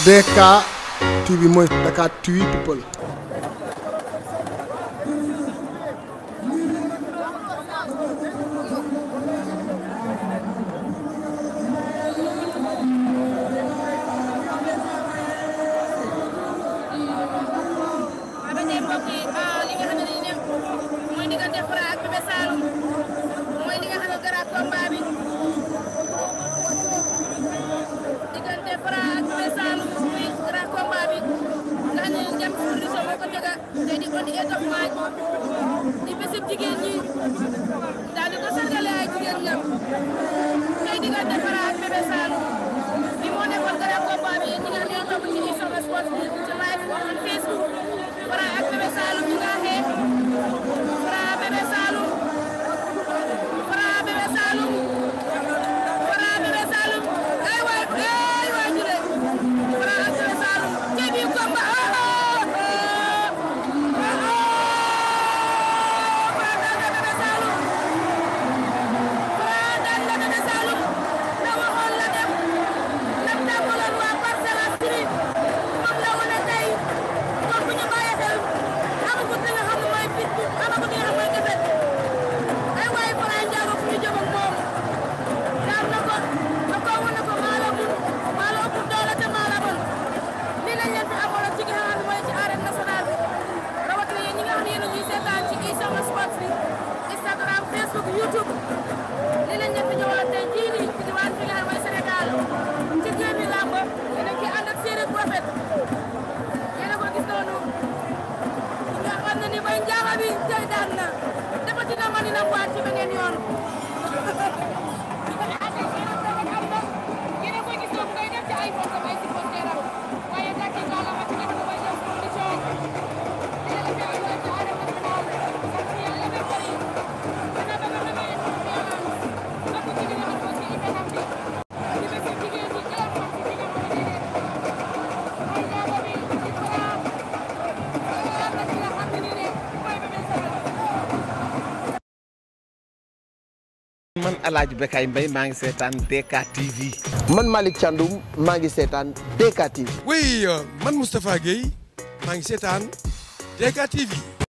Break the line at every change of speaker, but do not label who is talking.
DK TV mooy Dakar TV people. Ah, li nga xam ne te di ko diggee tam waaj di bésib jigéen ñi daal di ko sargale ay jigéen ñam tey di nga defaraat bébé Saloum bi moo nekkoon garab boppam yi ñi nga xam ne ñoo topp ci sama sport ci live on Facebook Facebook YouTube li lañ leen fi ñëwal tey jii nii ci diwaan bi nga xam mooy Sénégal ci géemi làmb yéen a ngi ànd ak Séeréer bu rafet yéen a ko gis noonu nga xam ne ni bay njaama bi tey daan na dafa dina mën na waat ci beneen yoon El Hadj Bekay Mbaye maa ngi seetaan DK TV. man Malick Thiandoum maa ngi seetaan DK TV. oui euh, man Moustapha Guèye maa ngi seetaan DK TV.